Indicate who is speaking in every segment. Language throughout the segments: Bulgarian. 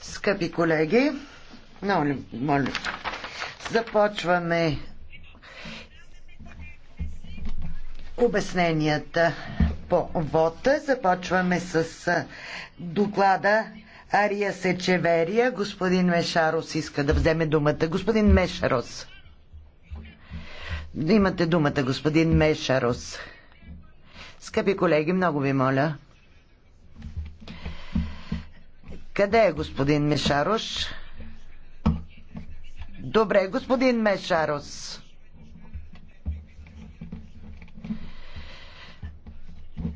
Speaker 1: Скъпи колеги, моля, моля, започваме обясненията по вота. Започваме с доклада Ария Сечеверия. Господин Мешарос иска да вземе думата. Господин Мешарос. Имате думата, господин Мешарос. Скъпи колеги, много ви моля. Къде е господин Мешарош? Добре, господин Мешарос.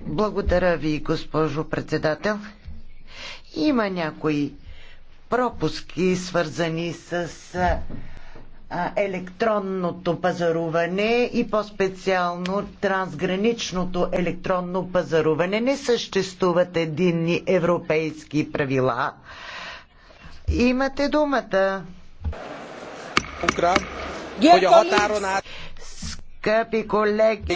Speaker 1: Благодаря ви, госпожо председател. Има някои пропуски, свързани с електронното пазаруване и по-специално трансграничното електронно пазаруване. Не съществуват единни европейски правила. Имате думата. Скъпи колеги,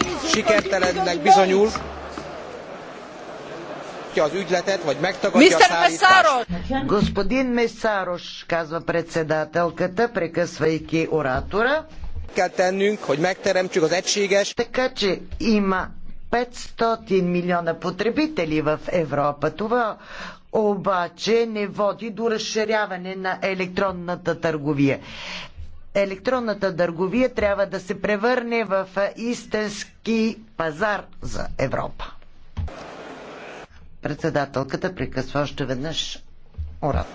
Speaker 1: megtiltja az ügyletet, vagy
Speaker 2: megtagadja
Speaker 3: Mr. a szállítást.
Speaker 1: Господин Месарош, казва председателката, прекъсвайки оратора. Kell tennünk, hogy megteremtsük az egységes... Така че има 500 милиона потребители в Европа. Това обаче не води до разширяване на електронната търговия. Електронната търговия трябва да се превърне в истински пазар за Европа. Председателката прекъсва още веднъж оратора.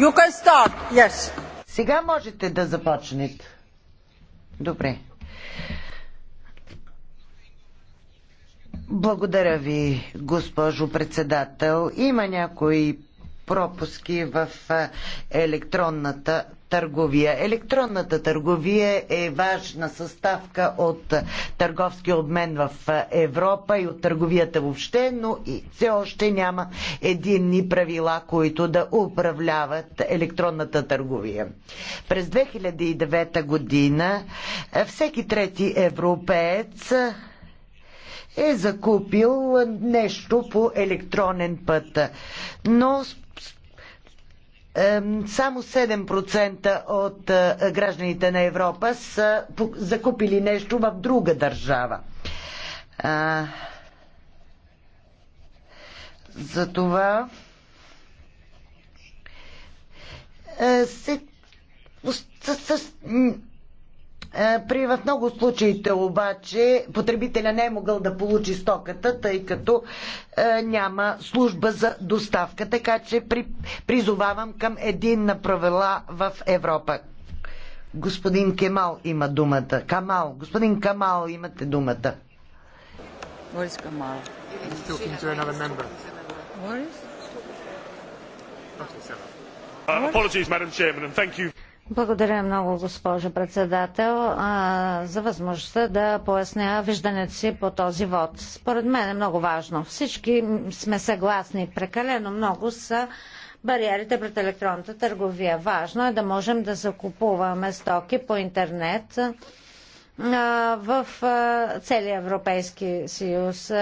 Speaker 1: You can start, yes. Сега можете да започнете. Добре. Благодаря ви, госпожо председател. Има някои пропуски в електронната търговия. Електронната търговия е важна съставка от търговски обмен в Европа и от търговията въобще, но и все още няма единни правила, които да управляват електронната търговия. През 2009 година е, всеки трети европеец е закупил нещо по електронен път. Но само 7% от е, гражданите на Европа са закупили нещо в друга държава. А, затова е, се, с, с, при в много случаите обаче потребителя не е могъл да получи стоката, тъй като е, няма служба за доставка. Така че при, призовавам към един на правила в Европа. Господин Кемал има думата. Камал. Господин Камал, имате думата. Where Камал. Kamal? He's Apologies, Madam Chairman, and thank you.
Speaker 4: Благодаря много, госпожо председател, за възможността да поясня виждането си по този вод. Според мен е много важно. Всички сме съгласни. Прекалено много са бариерите пред електронната търговия. Важно е да можем да закупуваме стоки по интернет в целия Европейски съюз.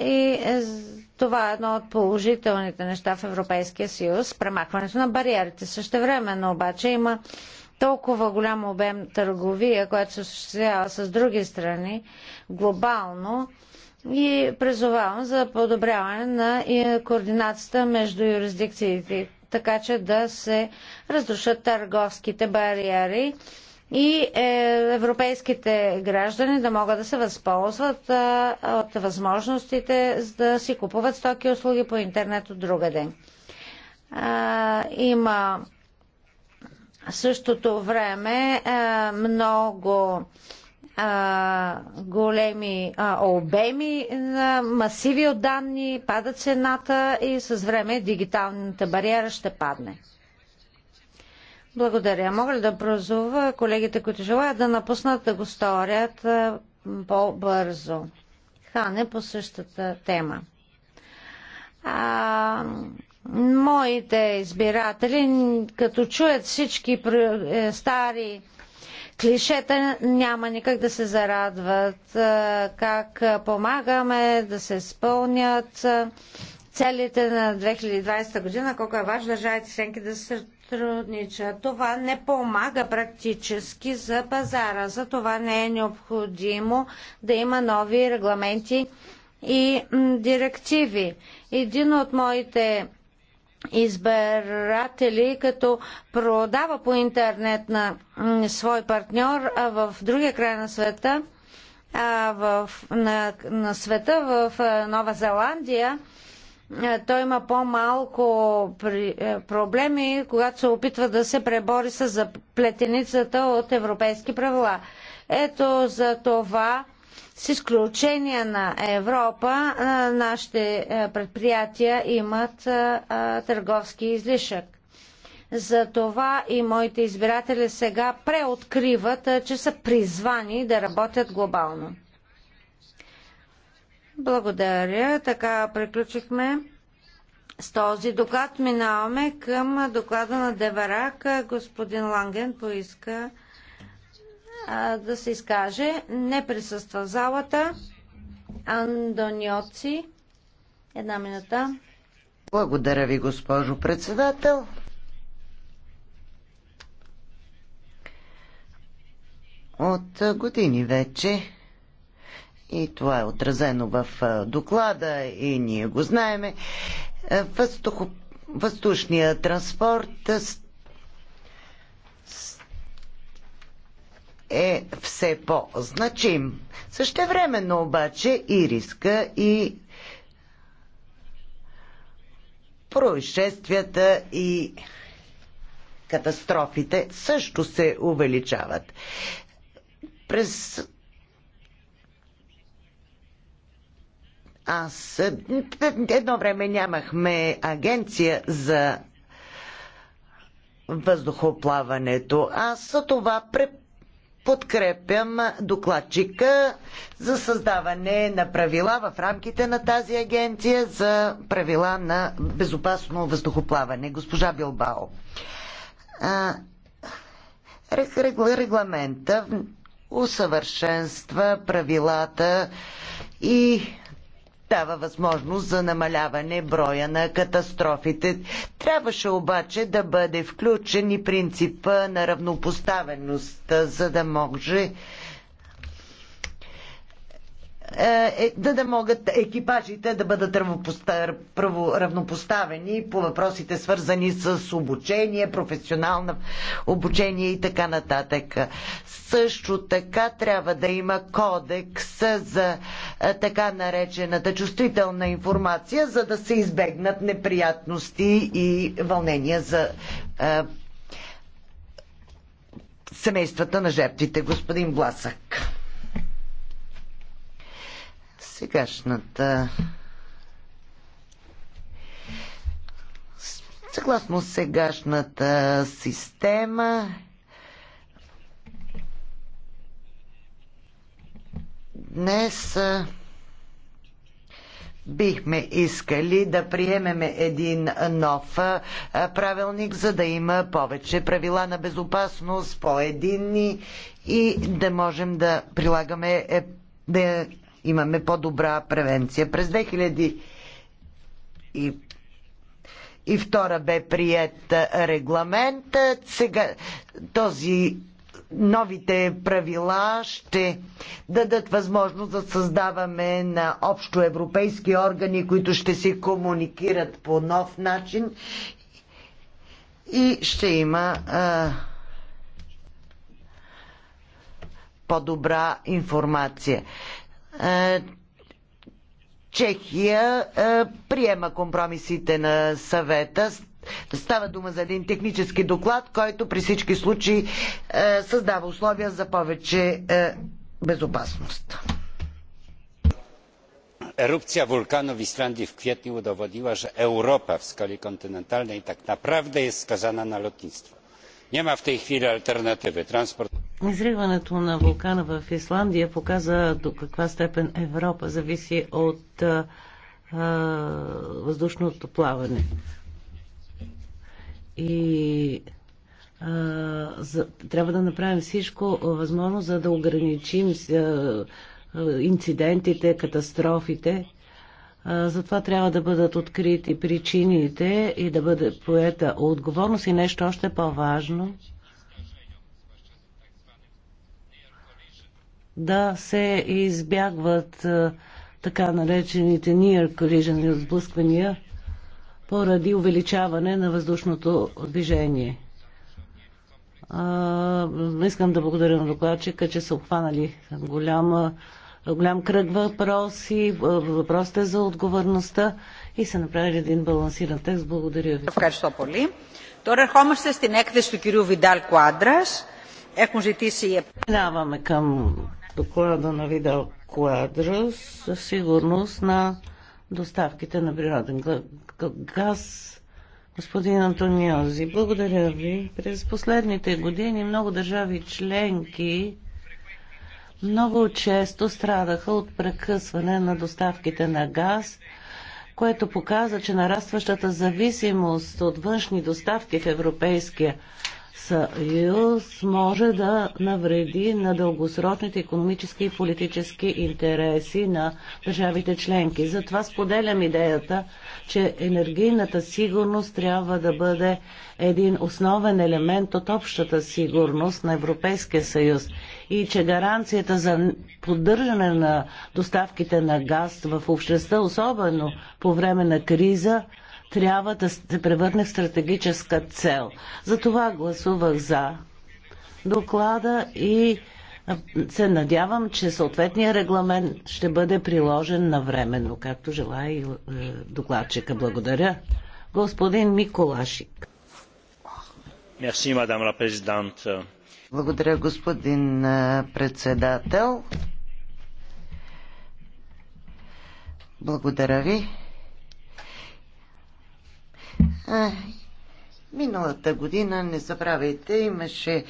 Speaker 4: И това е едно от положителните неща в Европейския съюз, премахването на бариерите. Също времено обаче има толкова голям обем търговия, която се осъществява с други страни глобално и е призовавам за подобряване на координацията между юрисдикциите, така че да се разрушат търговските бариери и е, европейските граждани да могат да се възползват е, от възможностите да си купуват стоки и услуги по интернет от другаде. Има в същото време е, много големи обеми на масиви от данни, пада цената и с време дигиталната бариера ще падне. Благодаря. Мога ли да прозова колегите, които желаят да напуснат да го сторят по-бързо? Хане по същата тема. А, моите избиратели, като чуят всички е, стари клишета, няма никак да се зарадват. Как помагаме да се изпълнят целите на 2020 година, колко е важно държавите членки да се сътрудничат. Това не помага практически за пазара, за това не е необходимо да има нови регламенти и директиви. Един от моите избиратели, като продава по интернет на свой партньор а в другия край на света, а в, на, на света в Нова Зеландия, е, той има по-малко е, проблеми, когато се опитва да се пребори с заплетеницата от европейски правила. Ето за това, с изключение на Европа, е, нашите предприятия имат търговски излишък. За това и моите избиратели сега преоткриват, че са призвани да работят глобално. Благодаря. Така приключихме с този доклад. Минаваме към доклада на Деварак. Господин Ланген поиска а, да се изкаже. Не присъства в залата. Андониоци. Една минута.
Speaker 1: Благодаря ви, госпожо председател. От години вече и това е отразено в доклада и ние го знаеме. въздушният транспорт е все по-значим. Същевременно обаче и риска и происшествията и катастрофите също се увеличават. През Аз е, едно време нямахме агенция за въздухоплаването. Аз за това подкрепям докладчика за създаване на правила в рамките на тази агенция за правила на безопасно въздухоплаване. Госпожа Билбао. регламента усъвършенства правилата и дава възможност за намаляване броя на катастрофите. Трябваше обаче да бъде включен и принципа на равнопоставеност, за да може е, е, да, да могат екипажите да бъдат равнопоставени по въпросите свързани с обучение, професионално обучение и така нататък. Също така трябва да има кодекс за е, така наречената чувствителна информация, за да се избегнат неприятности и вълнения за е, семействата на жертвите. Господин Бласък сегашната съгласно сегашната система днес бихме искали да приемеме един нов правилник, за да има повече правила на безопасност, по-единни и да можем да прилагаме е, да имаме по-добра превенция. През 2000 и и втора бе прият регламент. Сега този новите правила ще дадат възможност да създаваме на общо европейски органи, които ще се комуникират по нов начин и ще има по-добра информация. Чехия приема компромисите на съвета. Става дума за един технически доклад, който при всички случаи създава условия за повече безопасност.
Speaker 2: Erupcja wulkanu w Islandii w kwietniu udowodniła, że Europa w skali kontynentalnej tak naprawdę jest skazana na lotnictwo. Nie ma w tej chwili alternatywy. Transport Изриването на вулкана в Исландия показа до каква степен Европа зависи от а, а, въздушното плаване. И а, за, трябва да направим всичко възможно, за да ограничим а, инцидентите, катастрофите. Затова трябва да бъдат открити причините и да бъде поета отговорност и нещо още по-важно да се избягват е, така наречените near collision или поради увеличаване на въздушното движение. А, искам да благодаря на докладчика, че са обхванали голяма, голям кръг въпроси, е, въпросите за отговорността и са направили един балансиран текст. Благодаря ви. Ευχαριστώ πολύ.
Speaker 4: Τώρα ερχόμαστε στην
Speaker 2: έκθεση του κυρίου Βιντάλ Κουάντρας. Έχουν ζητήσει... към доклада на Видал Куадра със сигурност на доставките на природен газ. Господин Антониози, благодаря ви. През последните години много държави членки много често страдаха от прекъсване на доставките на газ, което показа, че нарастващата зависимост от външни доставки в Европейския съюз може да навреди на дългосрочните економически и политически интереси на държавите членки. Затова споделям идеята, че енергийната сигурност трябва да бъде един основен елемент от общата сигурност на Европейския съюз и че гаранцията за поддържане на доставките на газ в общността, особено по време на криза, трябва да се превърне в стратегическа цел. Затова гласувах за доклада и се надявам, че съответния регламент ще бъде приложен навременно, както желая и е, докладчика. Благодаря.
Speaker 1: Господин Миколашик.
Speaker 4: Мерси, мадам ла президент.
Speaker 1: Благодаря, господин е, председател. Благодаря ви. Миналата година, не забравяйте, имаше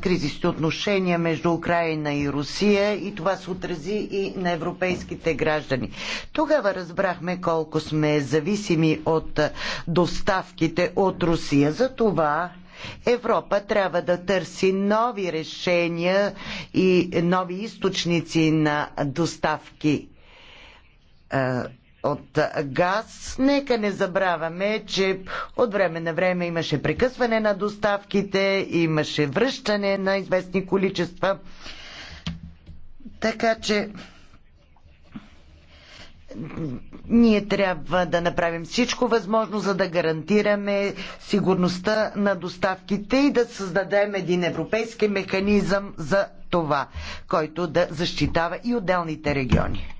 Speaker 1: кризисни отношения между Украина и Русия и това се отрази и на европейските граждани. Тогава разбрахме колко сме зависими от доставките от Русия. За това Европа трябва да търси нови решения и нови източници на доставки от газ. Нека не забравяме, че от време на време имаше прекъсване на доставките, имаше връщане на известни количества. Така че ние трябва да направим всичко възможно, за да гарантираме сигурността на доставките и да създадем един европейски механизъм за това, който да защитава и отделните региони.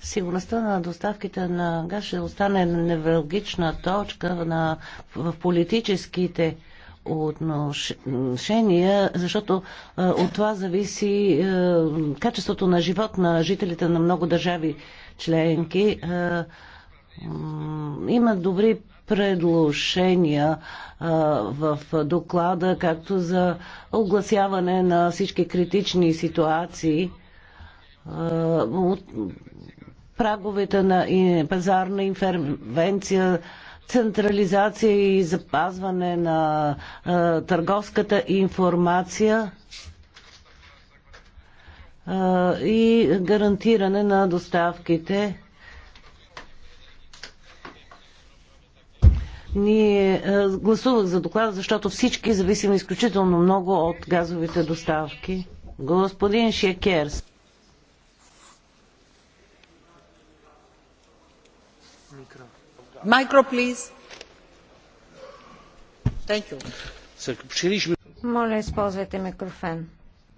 Speaker 2: Сигурността на доставките на газ ще остане невралгична точка на, в политическите отношения, защото а, от това зависи а, качеството на живот на жителите на много държави членки. А, има добри предложения в доклада, както за огласяване на всички критични ситуации от праговете на пазарна интервенция, централизация и запазване на търговската информация и гарантиране на доставките Ние е, гласувах за доклада, защото всички зависим изключително много от газовите доставки. Господин Шекерс. Майкро, please.
Speaker 4: Thank
Speaker 1: you.
Speaker 4: Моля, използвайте микрофон.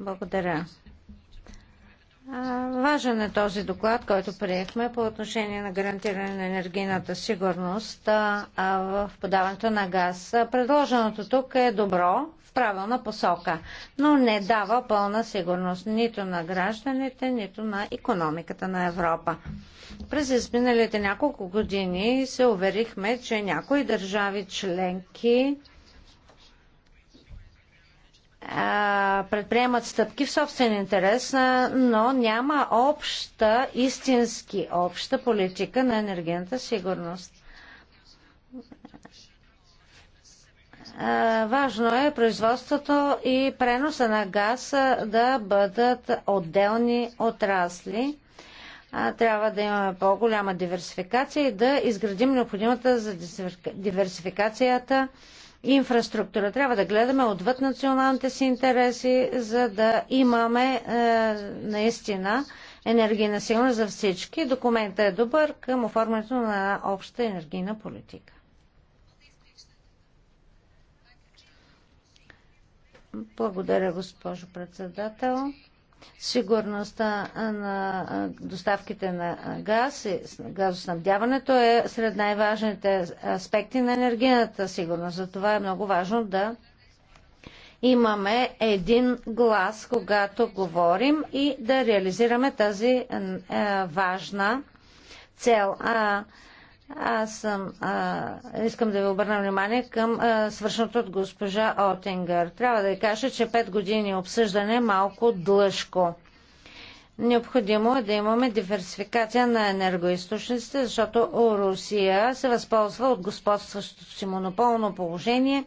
Speaker 4: Благодаря. Важен е този доклад, който приехме по отношение на гарантиране на енергийната сигурност в подаването на газ. Предложеното тук е добро, в правилна посока, но не дава пълна сигурност нито на гражданите, нито на економиката на Европа. През изминалите няколко години се уверихме, че някои държави членки предприемат стъпки в собствен интерес, но няма обща, истински обща политика на енергийната сигурност. Важно е производството и преноса на газ да бъдат отделни отрасли. Трябва да имаме по-голяма диверсификация и да изградим необходимата за диверсификацията инфраструктура. Трябва да гледаме отвъд националните си интереси, за да имаме е, наистина енергийна сигурност за всички. Документът е добър към оформянето на обща енергийна политика. Благодаря, госпожо председател. Сигурността на доставките на газ и газоснабдяването е сред най-важните аспекти на енергийната сигурност. Затова е много важно да имаме един глас, когато говорим и да реализираме тази важна цел. Аз съм, а, искам да ви обърна внимание към а, свършното от госпожа Отингър. Трябва да ви кажа, че 5 години обсъждане е малко длъжко. Необходимо е да имаме диверсификация на енергоисточниците, защото Русия се възползва от господстващото си монополно положение,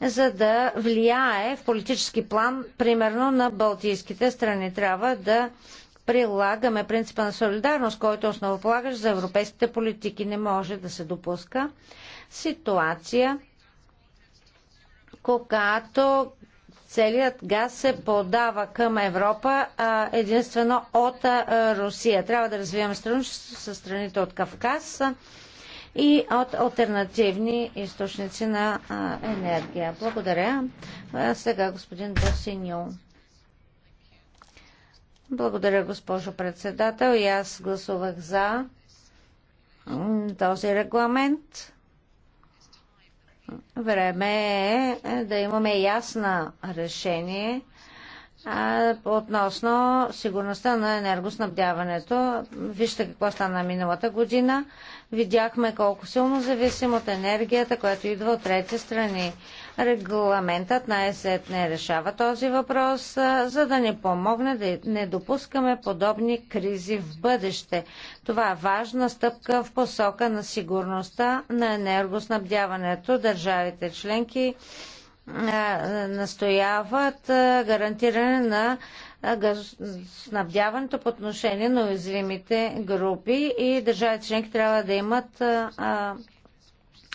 Speaker 4: за да влияе в политически план, примерно на балтийските страни. Трябва да прилагаме принципа на солидарност, който е основополагащ за европейските политики. Не може да се допуска ситуация, когато целият газ се подава към Европа а, единствено от Русия. Трябва да развиваме сътрудничество с страните от Кавказ и от альтернативни източници на енергия. Благодаря. А сега господин Босиньо. Благодаря, госпожо председател. И аз гласувах за този регламент. Време е да имаме ясна решение относно сигурността на енергоснабдяването. Вижте какво стана миналата година. Видяхме колко силно зависим от енергията, която идва от трети страни. Регламентът най не решава този въпрос, за да ни помогне да не допускаме подобни кризи в бъдеще. Това е важна стъпка в посока на сигурността на енергоснабдяването. Държавите членки настояват гарантиране на снабдяването по отношение на уязвимите групи и държавите членки трябва да имат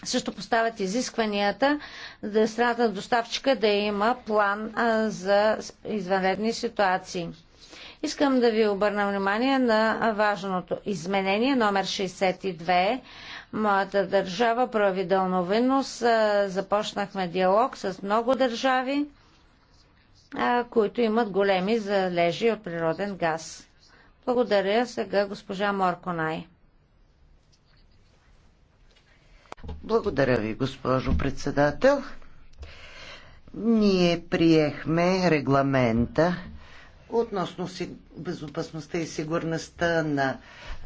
Speaker 4: също поставят изискванията да страната на доставчика да има план а, за извънредни ситуации. Искам да ви обърна внимание на важното изменение номер 62. Моята държава прави дълновинност. Започнахме диалог с много държави, а, които имат големи залежи от природен газ. Благодаря сега госпожа Морконай.
Speaker 1: Благодаря ви, госпожо председател.
Speaker 4: Ние
Speaker 1: приехме регламента относно безопасността и сигурността на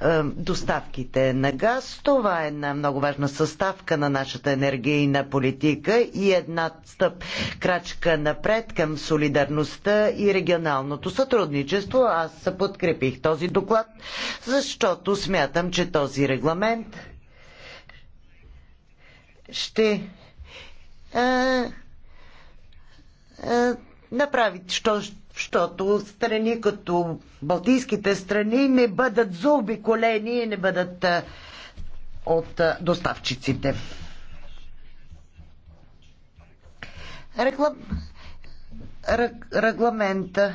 Speaker 1: е, доставките на газ. Това е една много важна съставка на нашата енергийна политика и една стъп крачка напред към солидарността и регионалното сътрудничество. Аз подкрепих този доклад, защото смятам, че този регламент ще а, а, направи, що, щото страни като Балтийските страни не бъдат заобиколени и не бъдат а, от а, доставчиците. Реклам... Регламента.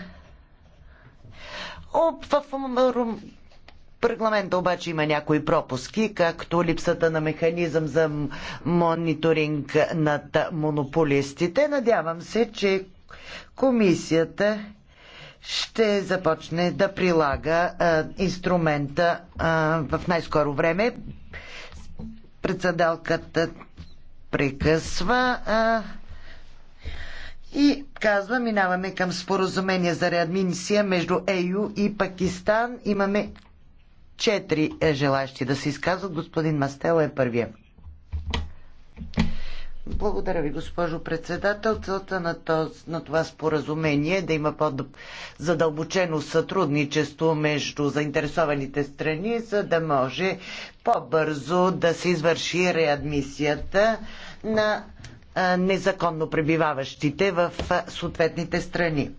Speaker 1: в, в, в, регламента обаче има някои пропуски, както липсата на механизъм за мониторинг над монополистите. Надявам се, че комисията ще започне да прилага а, инструмента а, в най-скоро време. Председалката прекъсва а, и казва, минаваме към споразумение за реадмисия между ЕЮ и Пакистан. Имаме четири е желащи да се изказват. Господин Мастел е първия. Благодаря ви, госпожо председател. Целта на, то, на това споразумение е да има по-задълбочено сътрудничество между заинтересованите страни, за да може по-бързо да се извърши реадмисията на незаконно пребиваващите в съответните страни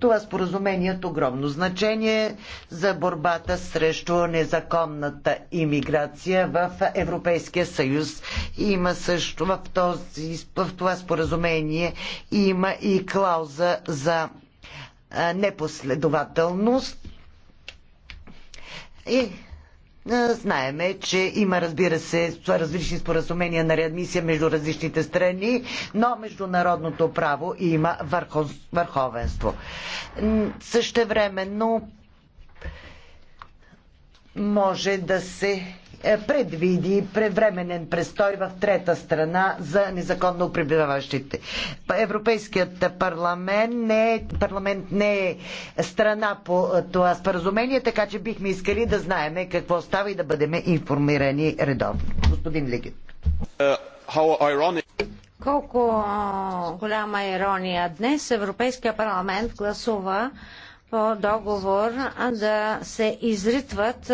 Speaker 1: това споразумение е от огромно значение за борбата срещу незаконната иммиграция в Европейския съюз. Има също в, този, в това споразумение има и клауза за непоследователност. И е, знаеме, че има, разбира се, различни споразумения на реадмисия между различните страни, но международното право има върхов... върховенство. Същевременно може да се е, предвиди превременен престой в трета страна за незаконно пребиваващите. Европейският парламент не, е, парламент не е страна по е, това споразумение, така че бихме искали да знаеме какво става и да бъдем информирани редовно. Господин Легит.
Speaker 3: Е,
Speaker 4: Колко голяма ирония. Днес Европейския парламент гласува по договор да се изритват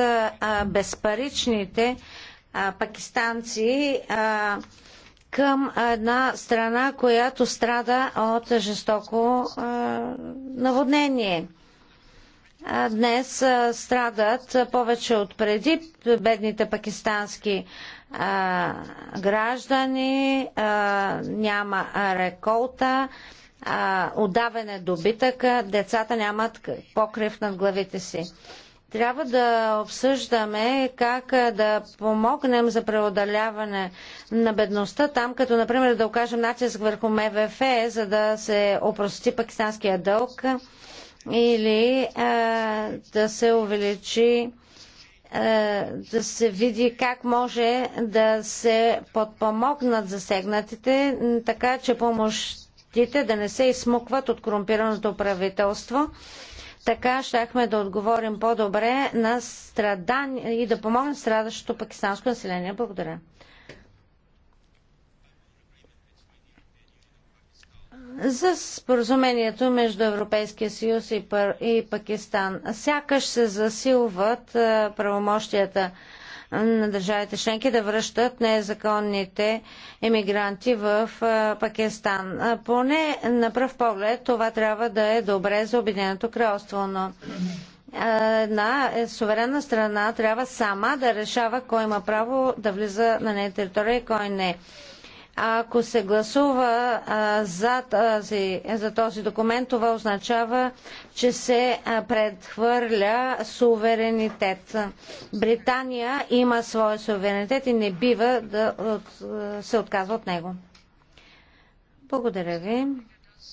Speaker 4: безпаричните пакистанци към една страна, която страда от жестоко наводнение. Днес страдат повече от преди бедните пакистански граждани, няма реколта, а, отдаване добитък, децата нямат покрив над главите си. Трябва да обсъждаме как да помогнем за преодоляване на бедността там, като например да окажем натиск върху МВФ, за да се опрости пакистанския дълг или а, да се увеличи да се види как може да се подпомогнат засегнатите, така че помощ щетите да не се изсмукват от корумпираното правителство. Така щяхме да отговорим по-добре на страдания и да помогнем страдащото пакистанско население. Благодаря. за споразумението между Европейския съюз и, Пакистан. Сякаш се засилват правомощията на държавите членки да връщат незаконните емигранти в Пакистан. Поне на пръв поглед това трябва да е добре за Обединеното кралство, но една суверенна страна трябва сама да решава кой има право да влиза на нея територия и кой не. Ако се гласува за този, за този документ, това означава, че се предхвърля суверенитет. Британия има своя суверенитет и не бива да се отказва от него. Благодаря ви.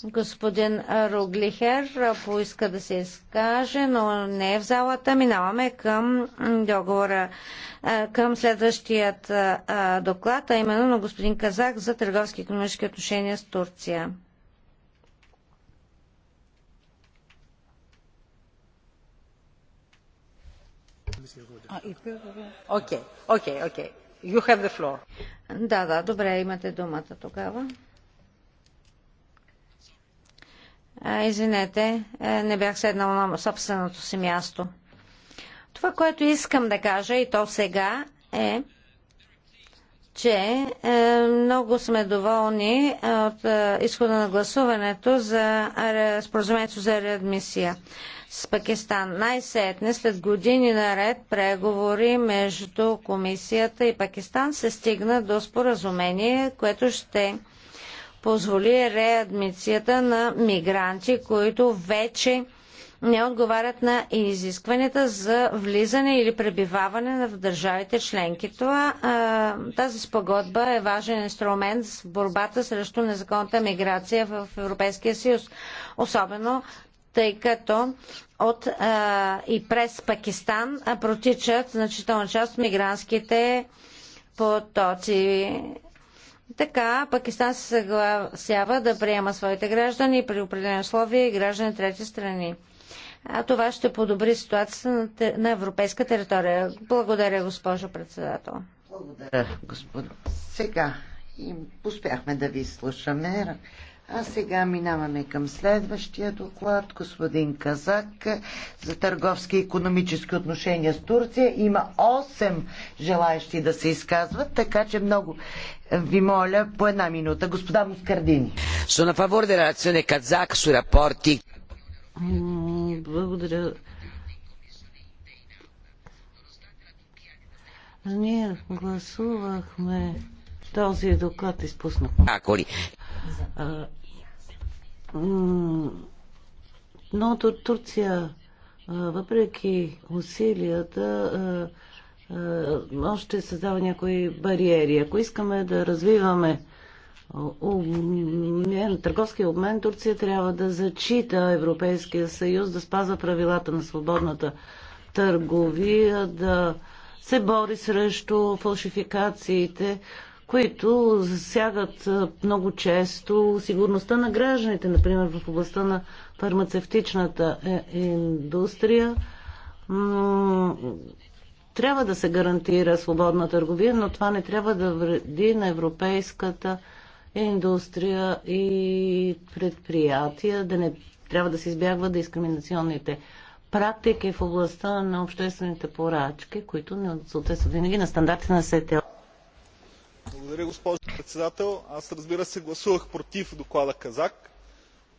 Speaker 4: Господин Руглихер поиска да се изкаже, но не е в залата. Минаваме към договора, към следващият доклад, а именно на господин Казак за търговски и економически отношения с Турция.
Speaker 3: Окей, окей, окей.
Speaker 4: Да, да, добре, имате думата тогава. Извинете, е, не бях седнал на собственото си място. Това, което искам да кажа и то сега е, че е, много сме доволни е, от изхода на гласуването за споразумението за реадмисия с Пакистан. Най-сетне, след години наред преговори между комисията и Пакистан, се стигна до споразумение, което ще позволи реадмицията на мигранти, които вече не отговарят на изискванията за влизане или пребиваване в държавите членки. Това, тази спогодба е важен инструмент в борбата срещу незаконната миграция в Европейския съюз, особено тъй като от а, и през Пакистан протичат значителна част от мигрантските потоци. Така Пакистан се съгласява да приема своите граждани при определени условия и граждани трети страни. А това ще подобри ситуацията на, на европейска територия. Благодаря, госпожо председател.
Speaker 1: Благодаря, господин. Сега успяхме да ви слушаме. А сега минаваме към следващия доклад. Господин Казак за търговски и економически отношения с Турция. Има 8 желаящи да се изказват, така че много ви моля по една минута. Господа Мускардини. Sono a favore della relazione Kazak sui rapporti. Благодаря.
Speaker 2: Ние гласувахме този доклад изпуснахме. Аколи. Но Турция, въпреки усилията, още създава някои бариери. Ако искаме да развиваме обмен, търговския обмен, Турция трябва да зачита Европейския съюз, да спазва правилата на свободната търговия, да се бори срещу фалшификациите които засягат много често сигурността на гражданите, например в областта на фармацевтичната е, индустрия. Трябва да се гарантира свободна търговия, но това не трябва да вреди на европейската индустрия и предприятия, да не трябва да се избягват дискриминационните практики в областта на обществените порачки, които не съответстват винаги на стандарти на СТО.
Speaker 3: Благодаря, госпожо председател. Аз, разбира се, гласувах против доклада Казак,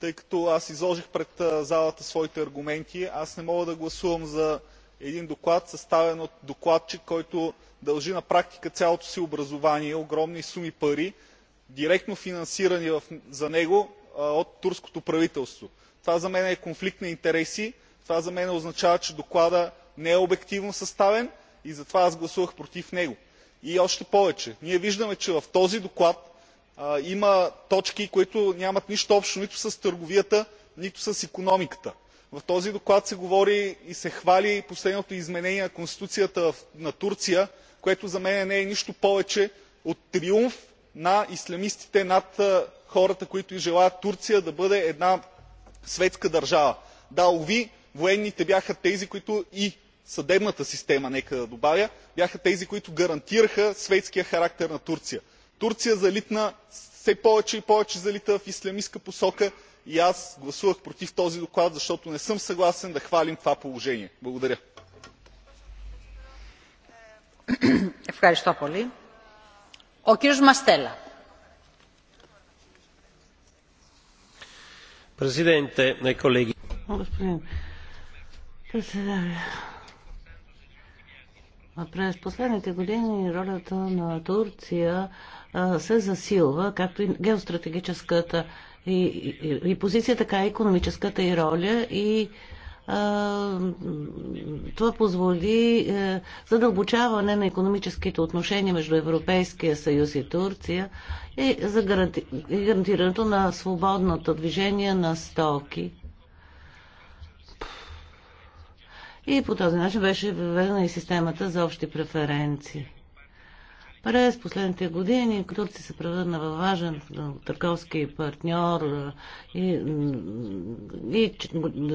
Speaker 3: тъй като аз изложих пред залата своите аргументи. Аз не мога да гласувам за един доклад, съставен от докладчик, който дължи на практика цялото си образование, огромни суми пари, директно финансирани за него от турското правителство. Това за мен е конфликт на интереси, това за мен означава, че докладът не е обективно съставен и затова аз гласувах против него и още повече ние виждаме че в този доклад има точки които нямат нищо общо нито с търговията нито с икономиката. в този доклад се говори и се хвали последното изменение на конституцията на турция което за мен не е нищо повече от триумф на ислямистите над хората които желаят турция да бъде една светска държава. да уви военните бяха тези които и съдебната система нека да добавя бяха тези които гарантираха светския характер на турция. турция залитна все повече и повече залита в ислямистка посока и аз гласувах против този доклад защото не съм съгласен да хвалим това положение. благодаря.
Speaker 4: Eh, господин
Speaker 2: председател през последните години ролята на Турция се засилва, както и геостратегическата и, и, и позиция, така и економическата и роля и това позволи е, задълбочаване на економическите отношения между Европейския съюз и Турция и за гарантирането на свободното движение на стоки. и по този начин беше въведена и системата за общи преференции. През последните години Турция се превърна във важен търговски партньор и, и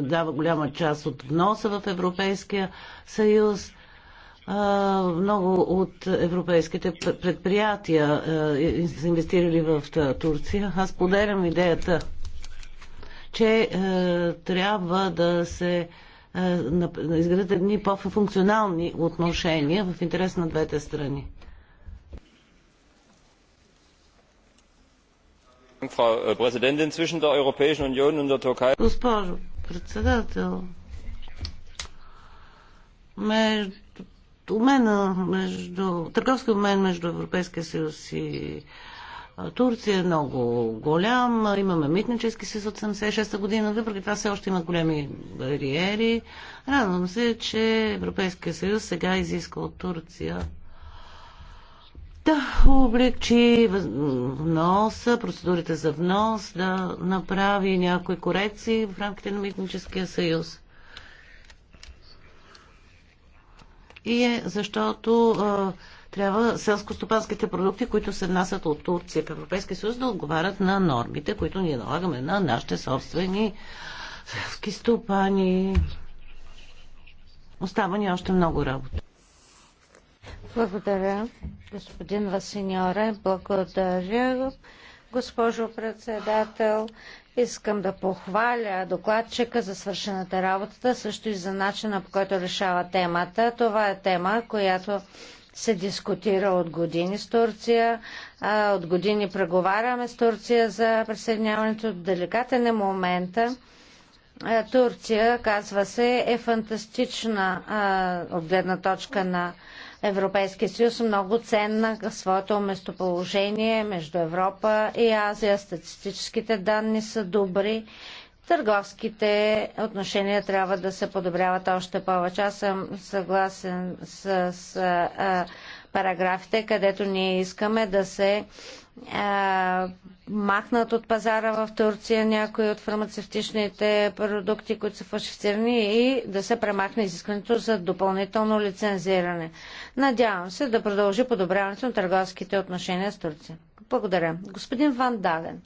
Speaker 2: дава голяма част от вноса в Европейския съюз. Много от европейските предприятия са инвестирали в Турция. Аз поделям идеята, че трябва да се е, изградят едни по-функционални отношения в интерес на двете страни.
Speaker 4: Е, Госпожо
Speaker 2: председател, между, между, търговски обмен между Европейския съюз и Турция е много голям, имаме митнически съюз от 76-та година, въпреки това все още има големи бариери. Радвам се, че Европейския съюз сега изиска от Турция да облегчи вноса, процедурите за внос, да направи някои корекции в рамките на митническия съюз. И е, защото а, трябва селско-стопанските продукти, които се внасят от Турция в Европейския съюз, да отговарят на нормите, които ние налагаме на нашите собствени селски стопани. Остава ни още много работа.
Speaker 4: Благодаря, господин Васиньоре. Благодаря, госпожо председател. Искам да похваля докладчика за свършената работа, също и за начина по който решава темата. Това е тема, която се дискутира от години с Турция. А, от години преговаряме с Турция за присъединяването. Деликатен е момента. А, Турция, казва се, е фантастична а, от гледна точка на Европейския съюз, много ценна своето местоположение между Европа и Азия. Статистическите данни са добри търговските отношения трябва да се подобряват още повече. Аз съм съгласен с, с а, параграфите, където ние искаме да се а, махнат от пазара в Турция някои от фармацевтичните продукти, които са фалшифицирани и да се премахне изискването за допълнително лицензиране. Надявам се да продължи подобряването на търговските отношения с Турция. Благодаря. Господин Ван Дален.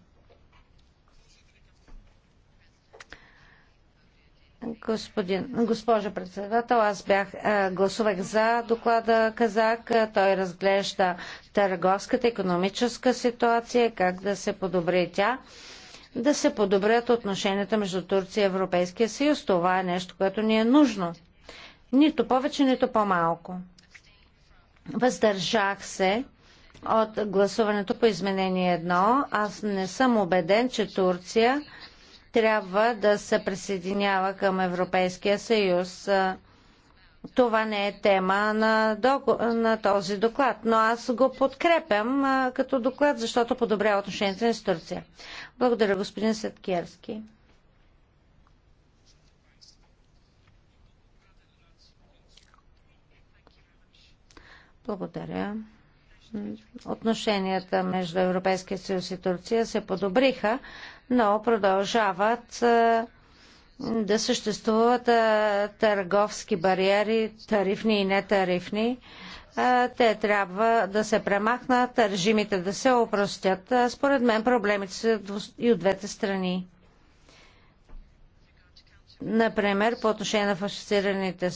Speaker 4: Господин, госпожа председател, аз бях, е, гласувах за доклада Казак. Той разглежда търговската, економическа ситуация, как да се подобри тя, да се подобрят отношенията между Турция и Европейския съюз. Това е нещо, което ни е нужно. Нито повече, нито по-малко. Въздържах се от гласуването по изменение едно, Аз не съм убеден, че Турция трябва да се присъединява към Европейския съюз. Това не е тема на, догу... на този доклад, но аз го подкрепям а, като доклад, защото подобрява отношенията ни с Турция. Благодаря, господин Сеткерски. Благодаря. Отношенията между Европейския съюз и Турция се подобриха но продължават е, да съществуват е, търговски бариери, тарифни и нетарифни. Е, те трябва да се премахнат, режимите да се опростят. Според мен проблемите са и от двете страни. Например, по отношение на фашистираните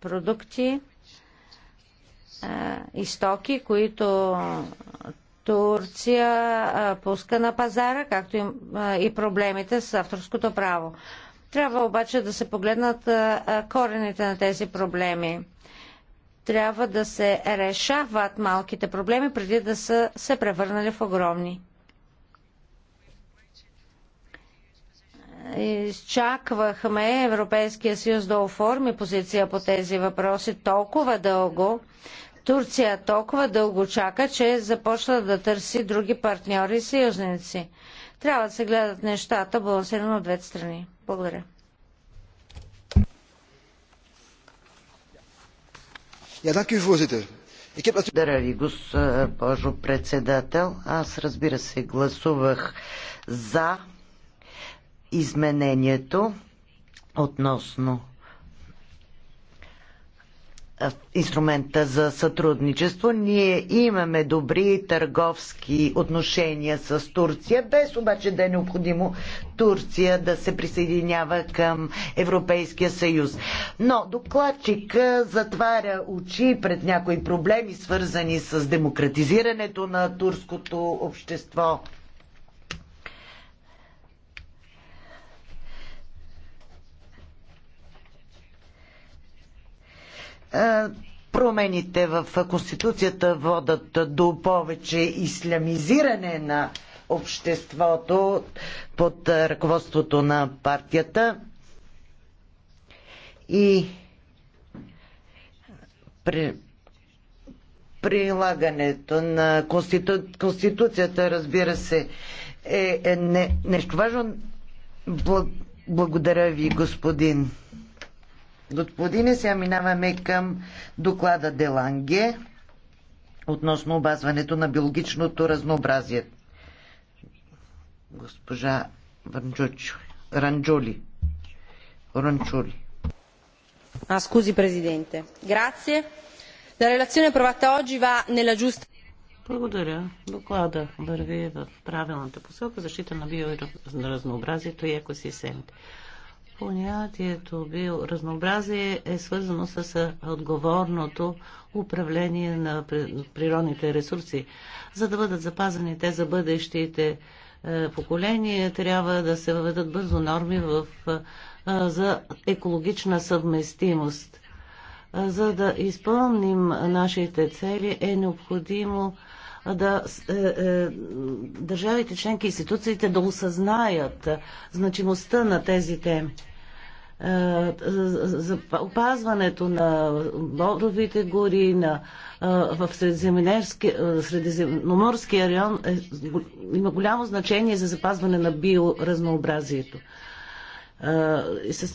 Speaker 4: продукти и стоки, които Турция пуска на пазара, както и проблемите с авторското право. Трябва обаче да се погледнат корените на тези проблеми. Трябва да се решават малките проблеми преди да са се превърнали в огромни. Изчаквахме Европейския съюз да оформи позиция по тези въпроси толкова дълго, Турция толкова дълго чака, че започна да търси други партньори и съюзници. Трябва да се гледат нещата балансирано от двете страни. Благодаря.
Speaker 1: Благодаря ви, госпожо председател. Аз разбира се гласувах за изменението относно инструмента за сътрудничество. Ние имаме добри търговски отношения с Турция, без обаче да е необходимо Турция да се присъединява към Европейския съюз. Но докладчик затваря очи пред някои проблеми, свързани с демократизирането на турското общество Е, промените в Конституцията водат до повече ислямизиране на обществото под ръководството на партията и при прилагането на конститу... Конституцията, разбира се, е, е не... нещо важно. Благодаря ви, господин Господине, сега минаваме към доклада Деланге относно обазването на биологичното разнообразие. Госпожа Ранджучо, Ранджули. Ранджули.
Speaker 4: Ah, scusi Presidente. Grazie. La relazione approvata oggi va nella giusta
Speaker 2: благодаря. Доклада върви в правилната посока защита на биоразнообразието и екосистемите. Понятието биоразнообразие е свързано с отговорното управление на природните ресурси. За да бъдат запазени те за бъдещите е, поколения, трябва да се въведат бързо норми в, е, за екологична съвместимост. За да изпълним нашите цели е необходимо е, да е, е, държавите членки и институциите да осъзнаят значимостта на тези теми. Е, за опазването на Бодовите гори, на, е, в Средиземноморския е, район е, има голямо значение за запазване на биоразнообразието. И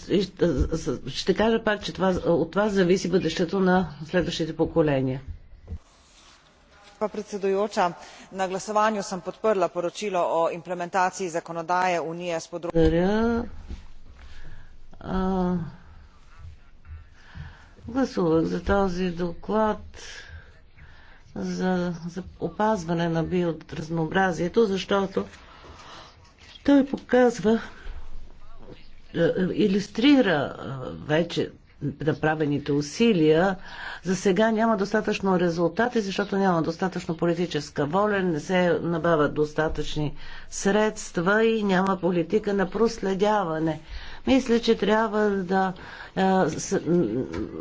Speaker 2: и, с, Ще кажа пак, че това, от това зависи бъдещето на следващите поколения. Pa predsedujoča, na glasovanju sem podprla poročilo o implementaciji zakonodaje Unije s področja. А, гласувах за този доклад за, за опазване на биоразнообразието, защото той показва, е, е, иллюстрира е, вече направените усилия. За сега няма достатъчно резултати, защото няма достатъчно политическа воля, не се набавят достатъчни средства и няма политика на проследяване мисля, че трябва да е,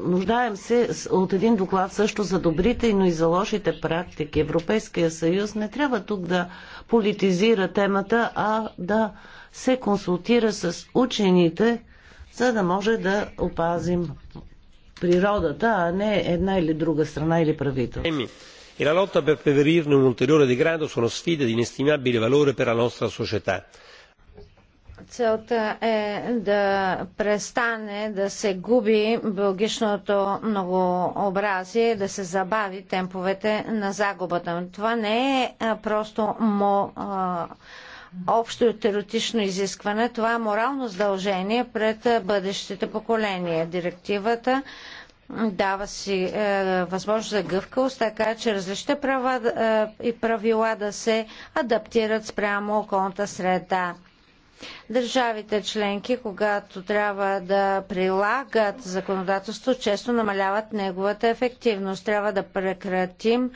Speaker 2: нуждаем се от един доклад също за добрите, но и за лошите практики. Европейския съюз не трябва тук да политизира темата, а да се консултира с учените, за да може да опазим природата, а не една или друга страна или правителство.
Speaker 3: E la lotta per prevenirne un ulteriore degrado sono sfide di inestimabile valore per la nostra società.
Speaker 4: Целта е да престане да се губи биологичното многообразие, да се забави темповете на загубата. Това не е просто мо, а, общо теоретично изискване, това е морално задължение пред бъдещите поколения. Директивата дава си е, възможност за гъвкавост, така че различните права е, и правила да се адаптират спрямо околната среда. Държавите членки, когато трябва да прилагат законодателство, често намаляват неговата ефективност. Трябва да прекратим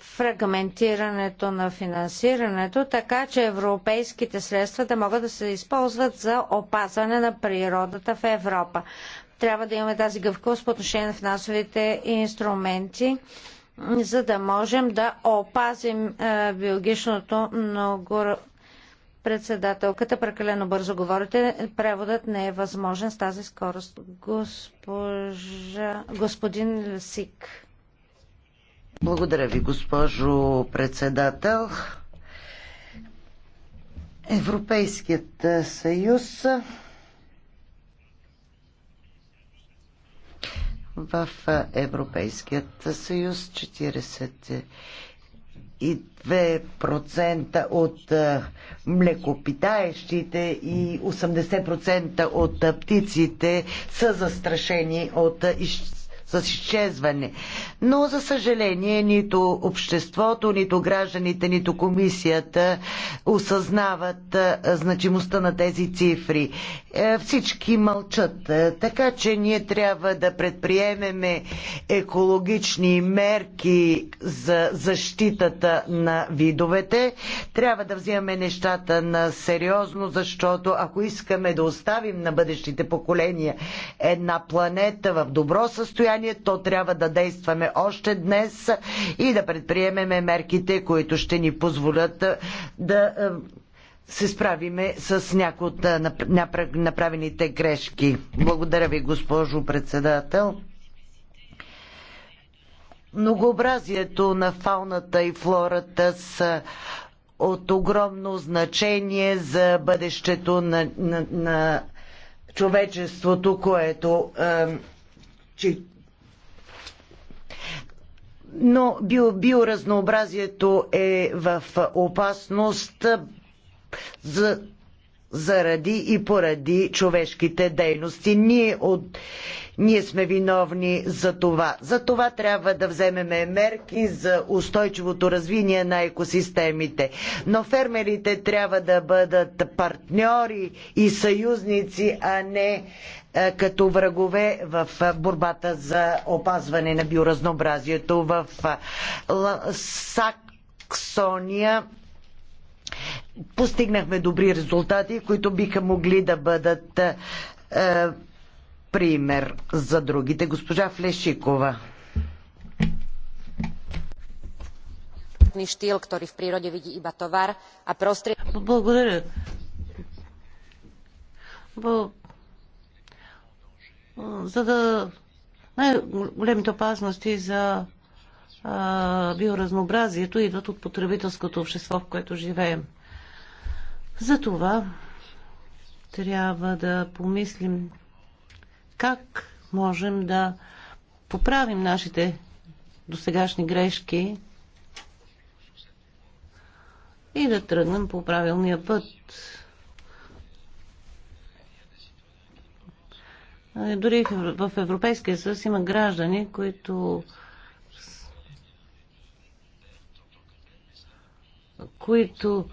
Speaker 4: фрагментирането на финансирането, така че европейските средства да могат да се използват за опазване на природата в Европа. Трябва да имаме тази гъвкавост по отношение на финансовите инструменти, за да можем да опазим е, биологичното много Председателката, прекалено бързо говорите. Преводът не е възможен с тази скорост. Госпожа... Господин Лесик.
Speaker 1: Благодаря ви, госпожо председател. Европейският съюз в Европейският съюз 40 92% от млекопитаещите и 80% от птиците са застрашени от изчезване изчезване. Но, за съжаление, нито обществото, нито гражданите, нито комисията осъзнават значимостта на тези цифри. Е, всички мълчат. Е, така че ние трябва да предприемеме екологични мерки за защитата на видовете. Трябва да взимаме нещата на сериозно, защото ако искаме да оставим на бъдещите поколения една планета в добро състояние, състояние, то трябва да действаме още днес и да предприемеме мерките, които ще ни позволят да се справиме с някои от направените грешки. Благодаря ви, госпожо председател. Многообразието на фауната и флората са от огромно значение за бъдещето на, на, на човечеството, което, е, че, но биоразнообразието е в опасност за, заради и поради човешките дейности. Ние от ние сме виновни за това. За това трябва да вземем мерки за устойчивото развитие на екосистемите. Но фермерите трябва да бъдат партньори и съюзници, а не е, като врагове в е, борбата за опазване на биоразнообразието в е, Саксония постигнахме добри резултати, които биха могли да бъдат пример за другите. Госпожа Флешикова.
Speaker 4: Штил, в природе види иба товар, а a Благодаря. За да...
Speaker 2: Най-големите опасности за а, биоразнообразието идват от потребителското общество, в което живеем. Затова трябва да помислим как можем да поправим нашите досегашни грешки и да тръгнем по правилния път. Дори в Европейския съюз има граждани, които които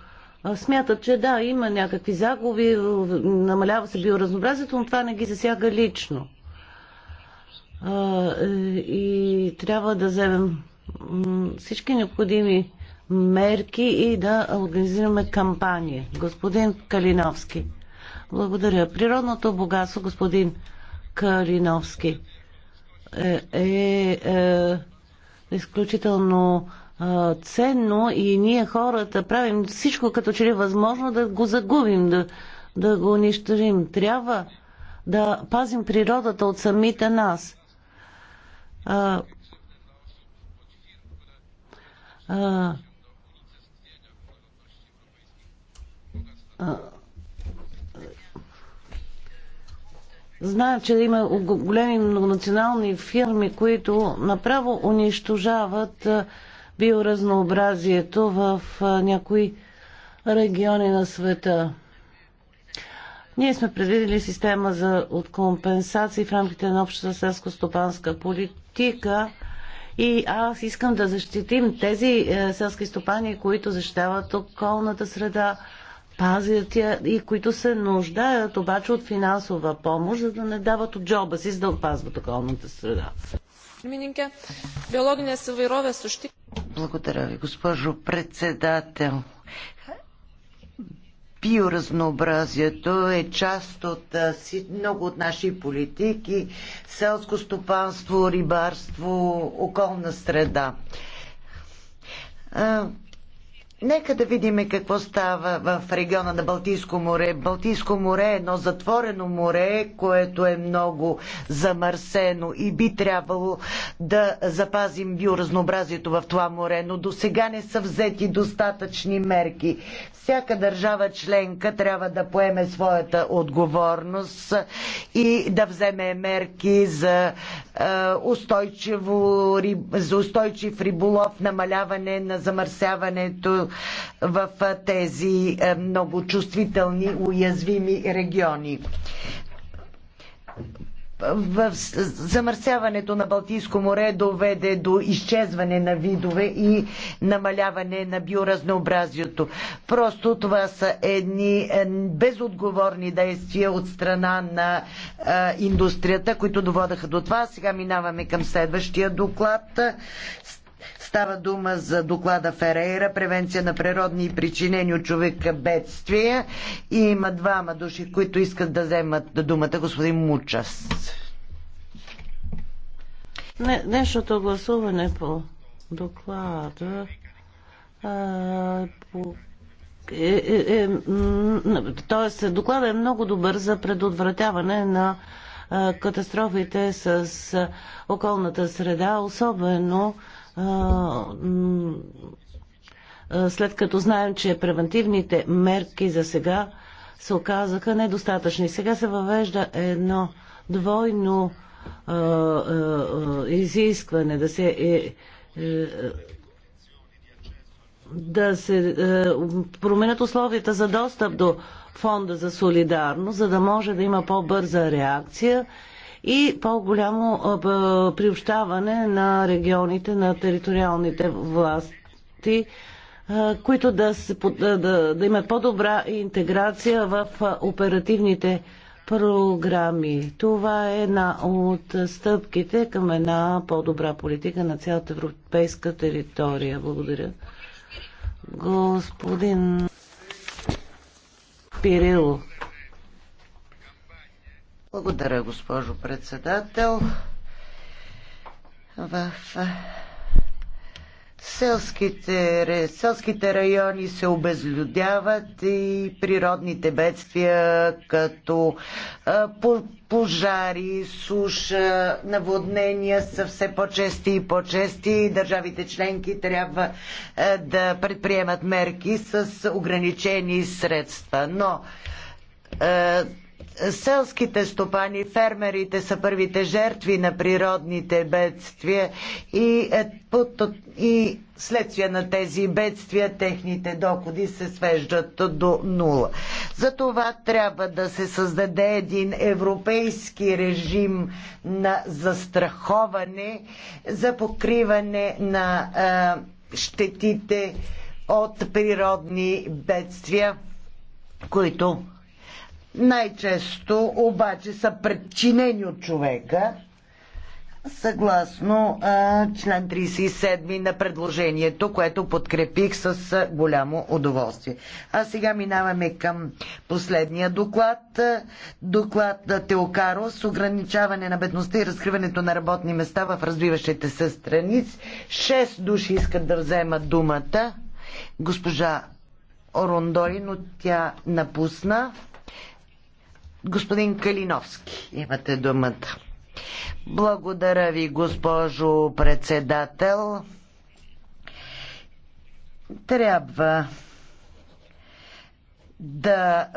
Speaker 2: смятат, че да, има някакви загуби, намалява се биоразнообразието, но това не ги засяга лично. И трябва да вземем всички необходими мерки и да организираме кампания. Господин Калиновски. Благодаря. Природното богатство, господин Калиновски, е, е, е изключително ценно и ние хората правим всичко като че ли е възможно да го загубим, да, да го унищожим. Трябва да пазим природата от самите нас. А, а, а, Знаем, че има големи многонационални фирми, които направо унищожават а, биоразнообразието в някои региони на света. Ние сме предвидели система за от компенсации в рамките на общата селско-стопанска политика и аз искам да защитим тези е, селски стопани, които защитават околната среда, пазят я и които се нуждаят обаче от финансова помощ, за да не дават от джоба си, за да опазват околната среда.
Speaker 1: Благодаря ви, госпожо председател. Биоразнообразието е част от много от наши политики селско стопанство, рибарство, околна среда. Нека да видим какво става в региона на Балтийско море. Балтийско море е едно затворено море, което е много замърсено и би трябвало да запазим биоразнообразието в това море, но до сега не са взети достатъчни мерки. Всяка държава членка трябва да поеме своята отговорност и да вземе мерки за, е, устойчиво, за устойчив риболов, намаляване на замърсяването в тези много чувствителни, уязвими региони в замърсяването на Балтийско море доведе до изчезване на видове и намаляване на биоразнообразието. Просто това са едни е, безотговорни действия от страна на е, индустрията, които доводаха до това. Сега минаваме към следващия доклад. Става дума за доклада Ферейра, превенция на природни и причинени от човека бедствия. И има двама души, които искат да вземат думата. Господин Мучас.
Speaker 2: Днешното гласуване по доклада а, по е, е, е, .е. доклада е много добър за предотвратяване на катастрофите с околната среда, особено след като знаем, че превентивните мерки за сега се оказаха недостатъчни. Сега се въвежда едно двойно а, а, изискване да се е, е да се е, променят условията за достъп до фонда за солидарност, за да може да има по-бърза реакция и по-голямо приобщаване на регионите, на териториалните власти, които да, се, да, да имат по-добра интеграция в оперативните програми. Това е една от стъпките към една по-добра политика на цялата европейска територия. Благодаря. Господин Пирилов.
Speaker 1: Благодаря, госпожо председател. В селските, селските райони се обезлюдяват и природните бедствия, като пожари, суша, наводнения са все по-чести и по-чести. Държавите членки трябва да предприемат мерки с ограничени средства. Но Селските стопани, фермерите са първите жертви на природните бедствия и, е, и следствие на тези бедствия техните доходи се свеждат до нула. Затова трябва да се създаде един европейски режим на застраховане за покриване на е, щетите от природни бедствия, които най-често обаче са предчинени от човека, съгласно а, член 37 на предложението, което подкрепих с голямо удоволствие. А сега минаваме към последния доклад. Доклад на Теокаро с ограничаване на бедността и разкриването на работни места в развиващите се страниц. Шест души искат да вземат думата. Госпожа Орондори, но тя напусна. Господин Калиновски, имате думата. Благодаря ви, госпожо председател. Трябва да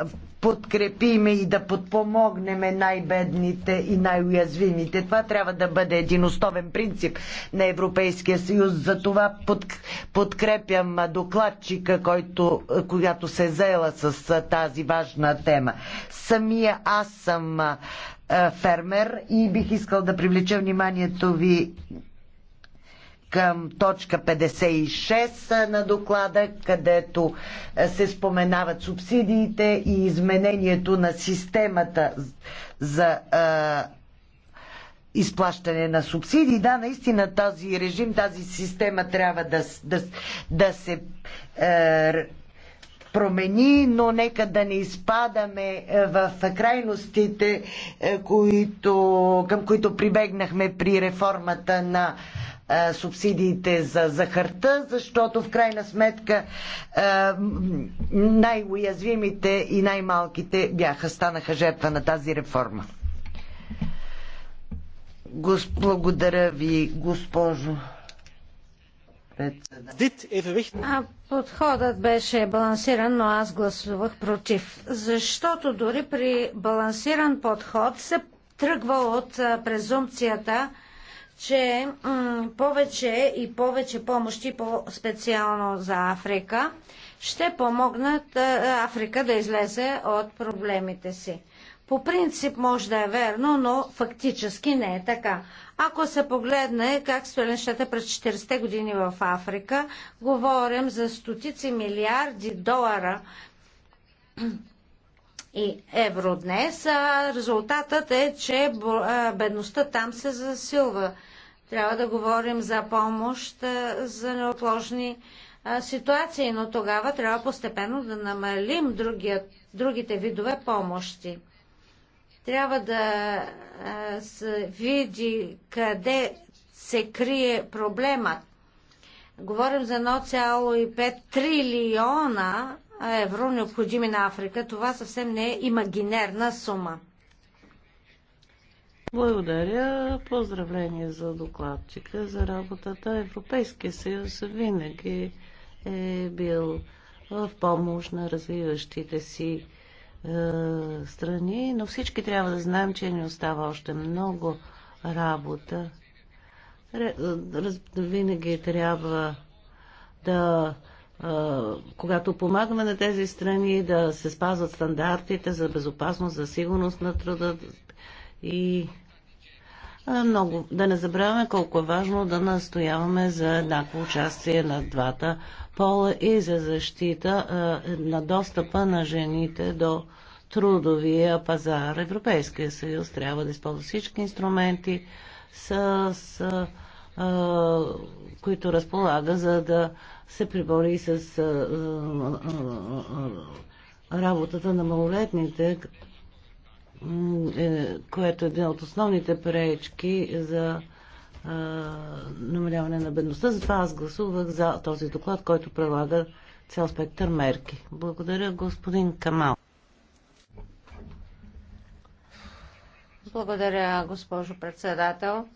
Speaker 1: подкрепиме и да подпомогнеме най-бедните и най-уязвимите. Това трябва да бъде един основен принцип на Европейския съюз. Затова под, подкрепям докладчика, който, която се е заела с тази важна тема. Самия аз съм фермер и бих искал да привлеча вниманието ви към точка 56 на доклада, където е, се споменават субсидиите и изменението на системата за а, е, изплащане на субсидии. Да, наистина този режим, тази система трябва да, да, да се а, е, промени, но нека да не изпадаме в крайностите, които, към които прибегнахме при реформата на а, е, субсидиите за захарта, защото в крайна сметка е, най-уязвимите и най-малките бяха, станаха жертва на тази реформа. Гос, благодаря ви, госпожо.
Speaker 4: А подходът беше балансиран, но аз гласувах против. Защото дори при балансиран подход се тръгва от презумпцията, че повече и повече помощи, по-специално за Африка, ще помогнат Африка да излезе от проблемите си. По принцип може да е верно, но фактически не е така. Ако се погледне как стоят нещата през 40-те години в Африка, говорим за стотици милиарди долара и евро днес, а резултатът е, че бедността там се засилва. Трябва да говорим за помощ за неотложни ситуации, но тогава трябва постепенно да намалим другия, другите видове помощи. Трябва да се види къде се крие проблемът. Говорим за 1,5 трилиона евро, необходими на Африка. Това съвсем не е имагинерна сума.
Speaker 2: Благодаря. Поздравление за докладчика за работата. Европейския съюз винаги е бил в помощ на развиващите си е, страни, но всички трябва да знаем, че ни остава още много работа. раз, винаги трябва да когато помагаме на тези страни да се спазват стандартите за безопасност, за сигурност на труда и много. Да не забравяме колко е важно да настояваме за еднакво участие на двата пола и за защита на достъпа на жените до трудовия пазар. Европейския съюз трябва да използва всички инструменти с, с които разполага, за да се прибори с работата на малолетните, е, което е една от основните пречки за намаляване на бедността. Затова аз гласувах за този доклад, който предлага цял спектър мерки. Благодаря, господин Камал.
Speaker 4: Благодаря, госпожо председател.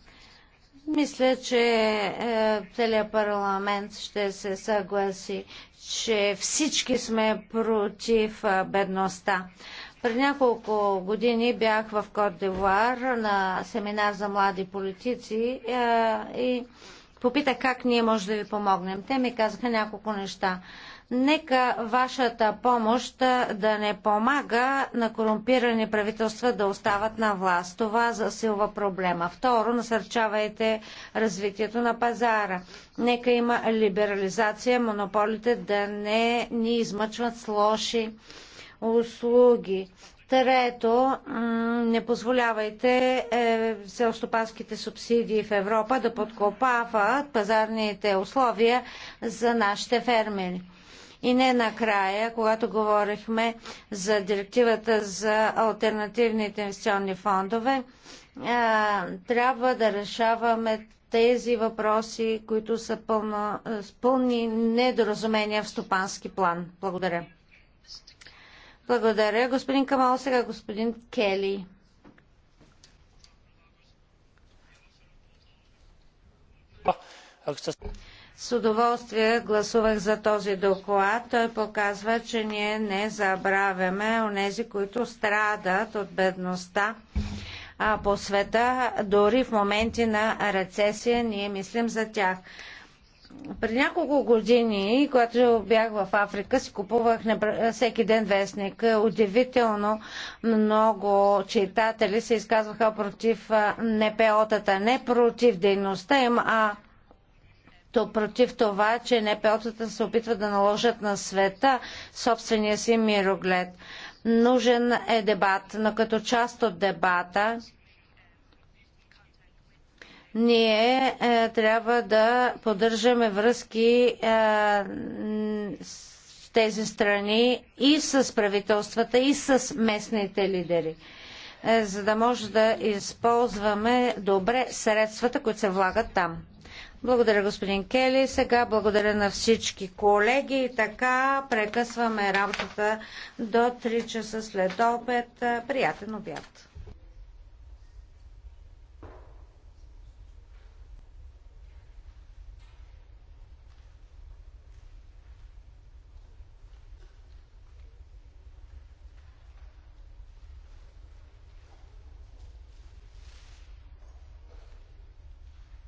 Speaker 4: Мисля, че е, целият парламент ще се съгласи, че всички сме против е, бедността. При няколко години бях в Кот Девуар на семинар за млади политици е, и попитах как ние може да ви помогнем. Те ми казаха няколко неща. Нека вашата помощ да не помага на корумпирани правителства да остават на власт. Това засилва проблема. Второ, насърчавайте развитието на пазара. Нека има либерализация, монополите да не ни измъчват с лоши услуги. Трето, не позволявайте е, селстопанските субсидии в Европа да подкопават пазарните условия за нашите фермери. И не накрая, когато говорихме за директивата за альтернативните инвестиционни фондове, трябва да решаваме тези въпроси, които са пълно, с пълни недоразумения в стопански план. Благодаря. Благодаря. Господин Камал, сега господин Кели. Ако с удоволствие гласувах за този доклад. Той показва, че ние не забравяме онези, които страдат от бедността а, по света. Дори в моменти на рецесия ние мислим за тях. При няколко години, когато бях в Африка, си купувах всеки ден вестник. Удивително много читатели се изказваха против НПО-тата. Не против дейността им, а то против това, че НПО-тата се опитват да наложат на света собствения си мироглед. Нужен е дебат, но като част от дебата ние е, трябва да поддържаме връзки е, с тези страни и с правителствата, и с местните лидери е, за да може да използваме добре средствата, които се влагат там. Благодаря, господин Кели. Сега благодаря на всички колеги. И така прекъсваме работата до 3 часа след обед. Приятен обяд!